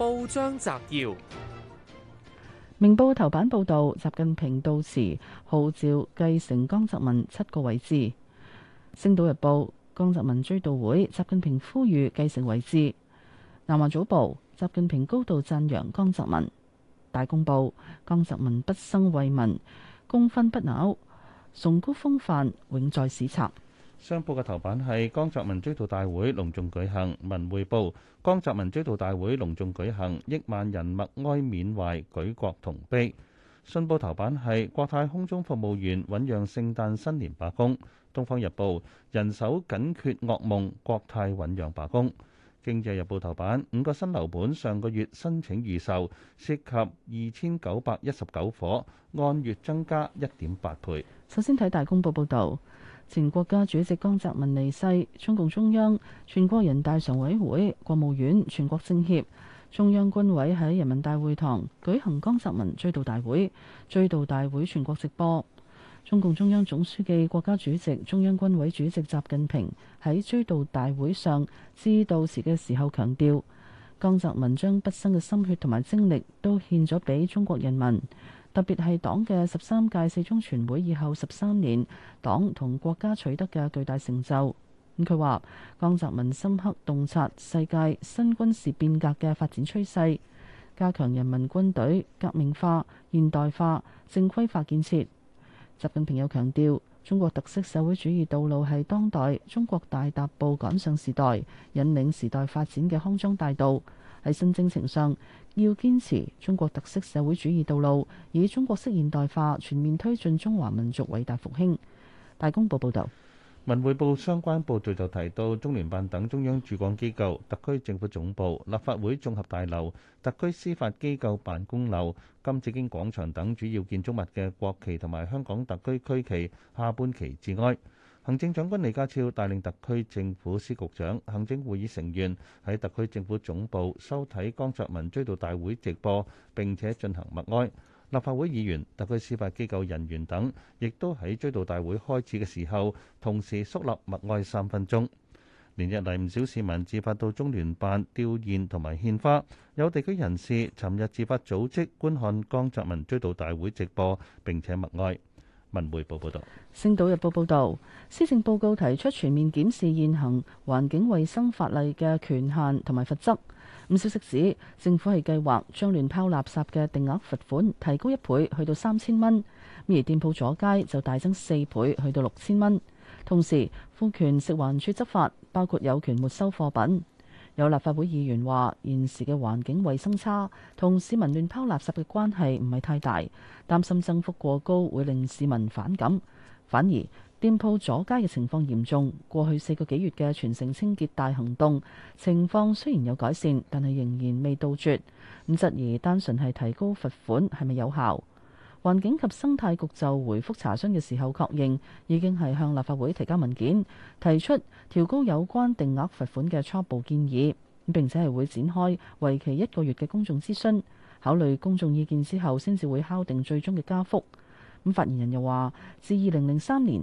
報章摘要：明報頭版報道，習近平悼辭號召繼承江澤民七個位置。星島日報，江澤民追悼會，習近平呼籲繼承位置。南華早報，習近平高度讚揚江澤民。大公報，江澤民不生為民，功分不朽，崇高風範永在史冊。商報嘅頭版係江澤民追悼大會隆重舉行，文匯報江澤民追悼大會隆重舉行，億萬人默哀緬懷，舉國同悲。信報頭版係國泰空中服務員醞釀聖誕新年罷工，東方日報人手緊缺惡夢，國泰醞釀罷工。經濟日報頭版五個新樓盤上個月申請預售，涉及二千九百一十九伙，按月增加一點八倍。首先睇大公報報導。前國家主席江澤民離世，中共中央、全國人大常委會、國務院、全國政協、中央軍委喺人民大會堂舉行江澤民追悼大會，追悼大會全國直播。中共中央總書記、國家主席、中央軍委主席習近平喺追悼大會上致悼詞嘅時候強調，江澤民將畢生嘅心血同埋精力都獻咗俾中國人民。特別係黨嘅十三屆四中全會以後十三年，黨同國家取得嘅巨大成就。咁佢話，江澤民深刻洞察世界新軍事變革嘅發展趨勢，加強人民軍隊革命化、現代化、正規化建設。習近平又強調，中國特色社會主義道路係當代中國大踏步趕上時代、引領時代發展嘅康莊大道。喺新征程上，要堅持中國特色社會主義道路，以中國式現代化全面推進中華民族偉大復興。大公報報道，文匯報相關報導就，就提到，中聯辦等中央駐港機構、特區政府總部、立法會綜合大樓、特區司法機構辦公樓、金紫荊廣場等主要建築物嘅國旗同埋香港特區區旗下半旗致哀。行政長官李家超帶領特區政府司局長、行政會議成員喺特區政府總部收睇江澤民追悼大會直播，並且進行默哀。立法會議員、特區司法機構人員等，亦都喺追悼大會開始嘅時候，同時肅立默哀三分鐘。連日嚟唔少市民自發到中聯辦吊唁同埋獻花，有地區人士尋日自發組織觀看江澤民追悼大會直播，並且默哀。文匯報報道，《星島日報》報道，施政報告提出全面檢視現行環境衛生法例嘅權限同埋罰則。咁消息指，政府係計劃將亂拋垃圾嘅定額罰款提高一倍，去到三千蚊；而店鋪阻街就大增四倍，去到六千蚊。同時，賦權食環署執法，包括有權沒收貨品。有立法會議員話：現時嘅環境衞生差，同市民亂拋垃圾嘅關係唔係太大，擔心增幅過高會令市民反感。反而店鋪阻街嘅情況嚴重，過去四個幾月嘅全城清潔大行動，情況雖然有改善，但係仍然未杜絕。咁質疑單純係提高罰款係咪有效？環境及生態局就回覆查詢嘅時候，確認已經係向立法會提交文件，提出調高有關定額罰款嘅初步建議，咁並且係會展開為期一個月嘅公眾諮詢，考慮公眾意見之後，先至會敲定最終嘅加幅。咁發言人又話，自二零零三年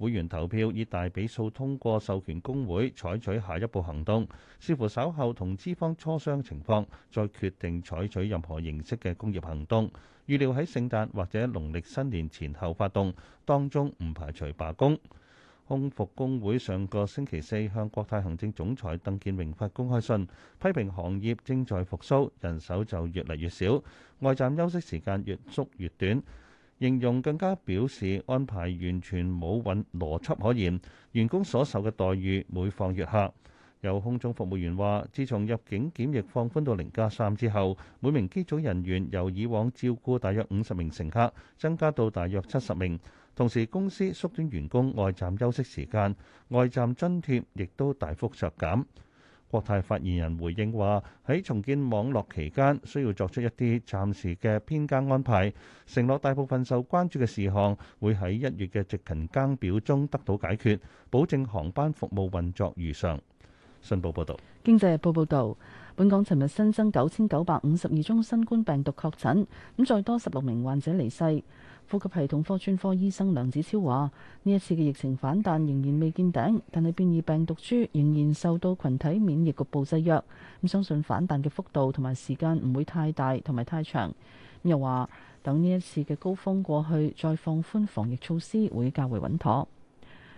會員投票以大比數通過授權工會採取下一步行動，視乎稍後同資方磋商情況，再決定採取任何形式嘅工業行動。預料喺聖誕或者農曆新年前後發動，當中唔排除罷工。空服工會上個星期四向國泰行政總裁鄧建榮發公開信，批評行業正在復甦，人手就越嚟越少，外站休息時間越縮越短。形容更加表示安排完全冇穩邏輯可言，員工所受嘅待遇每況愈下。有空中服務員話自從入境檢疫放寬到零加三之後，每名機組人員由以往照顧大約五十名乘客，增加到大約七十名。同時公司縮短員工外站休息時間，外站津貼亦都大幅削減。國泰發言人回應話：喺重建網絡期間，需要作出一啲暫時嘅編更安排，承諾大部分受關注嘅事項會喺一月嘅值勤更表中得到解決，保證航班服務運作如常。信報報道，經濟日報報道，本港尋日新增九千九百五十二宗新冠病毒確診，咁再多十六名患者離世。呼吸系統科專科醫生梁子超話：呢一次嘅疫情反彈仍然未見頂，但係變異病毒株仍然受到群體免疫局部制約。咁相信反彈嘅幅度同埋時間唔會太大同埋太長。又話等呢一次嘅高峰過去，再放寬防疫措施會較為穩妥。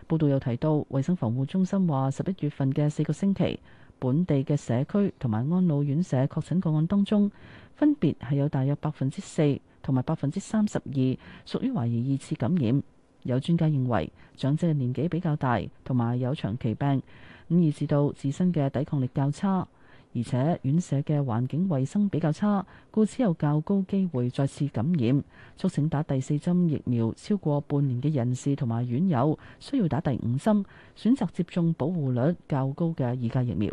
報道又提到，衛生防護中心話十一月份嘅四個星期，本地嘅社區同埋安老院舍確診個案當中，分別係有大約百分之四，同埋百分之三十二屬於懷疑二次感染。有專家認為長者年紀比較大，同埋有長期病，咁以至到自身嘅抵抗力較差，而且院舍嘅環境衛生比較差，故此有較高機會再次感染。促請打第四針疫苗超過半年嘅人士同埋院友需要打第五針，選擇接種保護率較高嘅二價疫苗。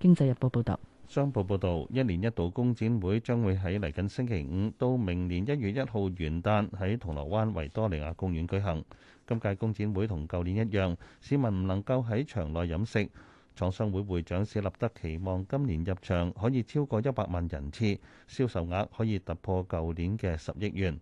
經濟日報報道。商報報道，一年一度工展會將會喺嚟緊星期五到明年一月一號元旦，喺銅鑼灣維多利亞公園舉行。今屆工展會同舊年一樣，市民唔能夠喺場內飲食。廠商會會長史立德期望今年入場可以超過一百萬人次，銷售額可以突破舊年嘅十億元。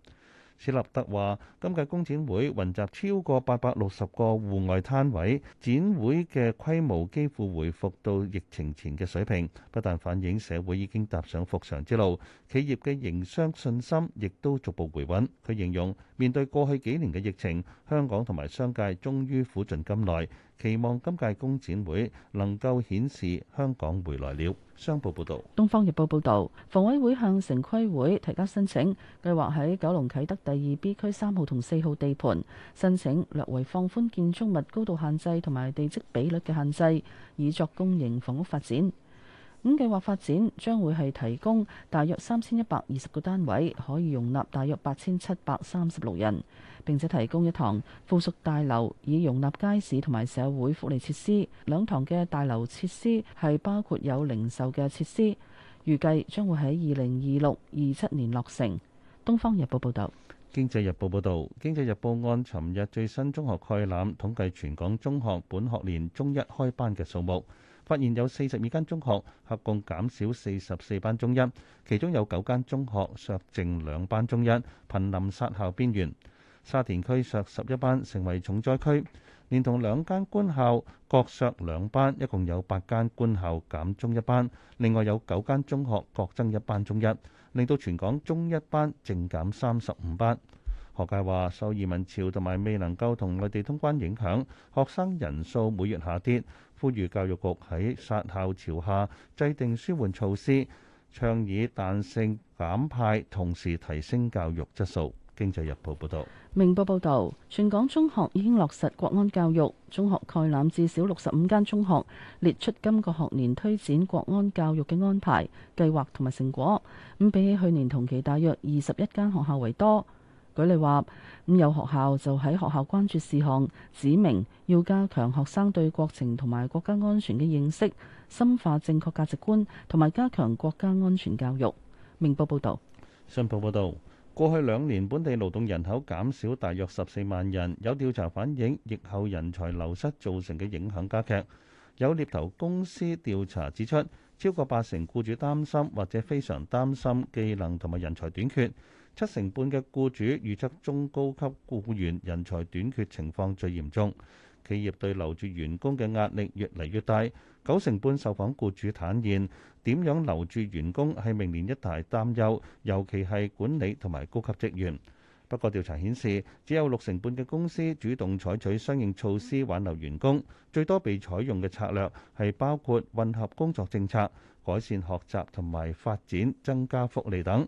史立德話：今屆工展會雲集超過八百六十個戶外攤位，展會嘅規模幾乎回復到疫情前嘅水平，不但反映社會已經踏上復常之路，企業嘅營商信心亦都逐步回穩。佢形容。面對過去幾年嘅疫情，香港同埋商界終於苦盡甘來，期望今屆工展會能夠顯示香港回來了。商報報道。東方日報報道，房委會向城規會提交申請，計劃喺九龍啟德第二 B 區三號同四號地盤申請略為放寬建築物高度限制同埋地積比率嘅限制，以作公營房屋發展。咁計劃發展將會係提供大約三千一百二十個單位，可以容納大約八千七百三十六人，並且提供一堂附屬大樓，以容納街市同埋社會福利設施。兩堂嘅大樓設施係包括有零售嘅設施，預計將會喺二零二六、二七年落成。《東方日報》報道。經濟日報報導，經濟日報按尋日最新中學概覽統計全港中學本學年中一開班嘅數目，發現有四十二間中學合共減少四十四班中一，其中有九間中學削剩兩班中一，瀕臨殺校邊緣。沙田區削十一班，成為重災區。連同兩間官校各削兩班，一共有八間官校減中一班；另外有九間中學各增一班中一，令到全港中一班淨減三十五班。學界話受移民潮同埋未能夠同內地通關影響，學生人數每月下跌，呼籲教育局喺殺校潮下制定舒緩措施，倡議彈性減派，同時提升教育質素。《經濟日報》報導，《明報》報導，全港中學已經落實國安教育，中學概覽至少六十五間中學，列出今個學年推展國安教育嘅安排、計劃同埋成果。咁比起去年同期，大約二十一間學校為多。舉例話，咁有學校就喺學校關注事項指明，要加強學生對國情同埋國家安全嘅認識，深化正確價值觀，同埋加強國家安全教育。《明報》報導，《新報》報導。過去兩年本地勞動人口減少大約十四萬人，有調查反映疫後人才流失造成嘅影響加劇。有獵頭公司調查指出，超過八成僱主擔心或者非常擔心技能同埋人才短缺，七成半嘅僱主預測中高級僱員人才短缺情況最嚴重，企業對留住員工嘅壓力越嚟越大。九成半受訪僱主坦言，點樣留住員工係明年一大擔憂，尤其係管理同埋高級職員。不過調查顯示，只有六成半嘅公司主動採取相應措施挽留員工，最多被採用嘅策略係包括混合工作政策、改善學習同埋發展、增加福利等。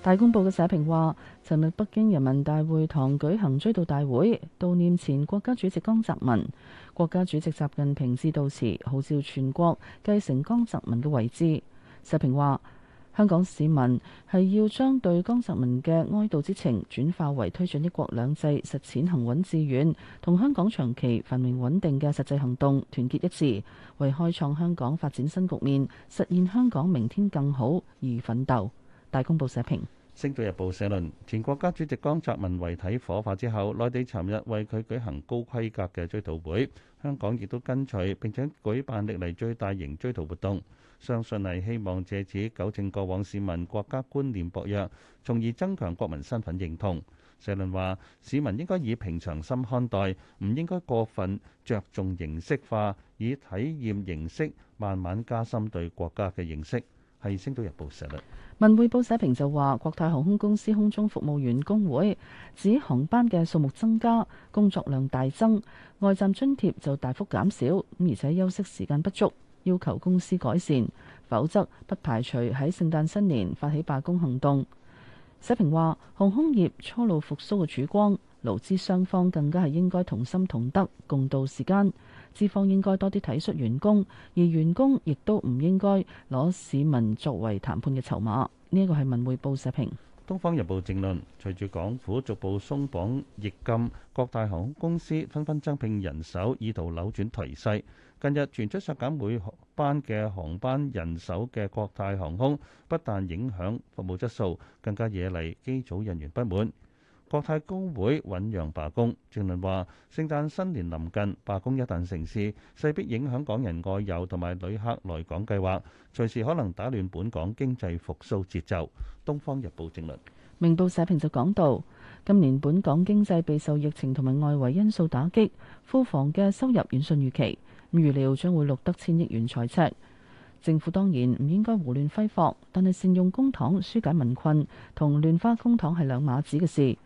大公報嘅社評話：尋日北京人民大會堂舉行追悼大會，悼念前國家主席江澤民。國家主席習近平致悼詞，號召全國繼承江澤民嘅遺志。社評話：香港市民係要將對江澤民嘅哀悼之情轉化為推進一國兩制實踐行穩致遠，同香港長期繁榮穩定嘅實際行動，團結一致，為開創香港發展新局面，實現香港明天更好而奮鬥。大公報社評。星島日報社論：前國家主席江澤民遺體火化之後，內地尋日為佢舉行高規格嘅追悼會，香港亦都跟隨並且舉辦歷嚟最大型追悼活動。相信係希望藉此糾正過往市民國家觀念薄弱，從而增強國民身份認同。社論話：市民應該以平常心看待，唔應該過分着重形式化，以體驗形式慢慢加深對國家嘅認識。《星島日報》社論，文匯報社評就話：國泰航空公司空中服務員工會指航班嘅數目增加，工作量大增，外站津貼就大幅減少，而且休息時間不足，要求公司改善，否則不排除喺聖誕新年發起罷工行動。社評話：航空業初露復甦嘅曙光。勞資雙方更加係應該同心同德，共度時間。資方應該多啲體恤員工，而員工亦都唔應該攞市民作為談判嘅籌碼。呢一個係文匯報社評。《東方日報》政論：隨住港府逐步鬆綁疫禁，各大航空公司紛紛增聘人手，意圖扭轉頹勢。近日傳出削減每班嘅航班人手嘅國泰航空，不但影響服務質素，更加惹嚟機組人員不滿。國泰工會醞釀罷工，正論話聖誕新年臨近，罷工一旦成事，勢必影響港人外遊同埋旅客來港計劃，隨時可能打亂本港經濟復甦節奏。《東方日報》正論，《明報》社評就講到，今年本港經濟備受疫情同埋外圍因素打擊，庫房嘅收入遠遜預期，預料將會錄得千億元財赤。政府當然唔應該胡亂揮霍，但係善用公帑紓解民困同亂花公帑係兩碼子嘅事。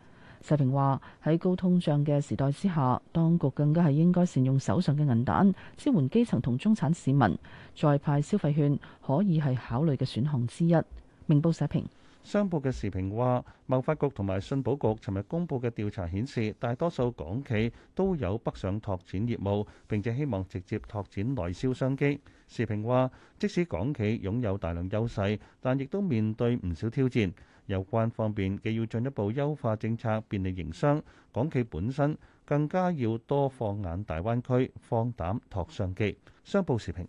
社評話：喺高通脹嘅時代之下，當局更加係應該善用手上嘅銀彈，支援基層同中產市民。再派消費券可以係考慮嘅選項之一。明報社評。商報嘅時評話：貿發局同埋信保局尋日公佈嘅調查顯示，大多數港企都有北上拓展業務，並且希望直接拓展內銷商機。時評話：即使港企擁有大量優勢，但亦都面對唔少挑戰。有關方面既要進一步優化政策便利營商，港企本身更加要多放眼大灣區，放膽拓商機。商報時評。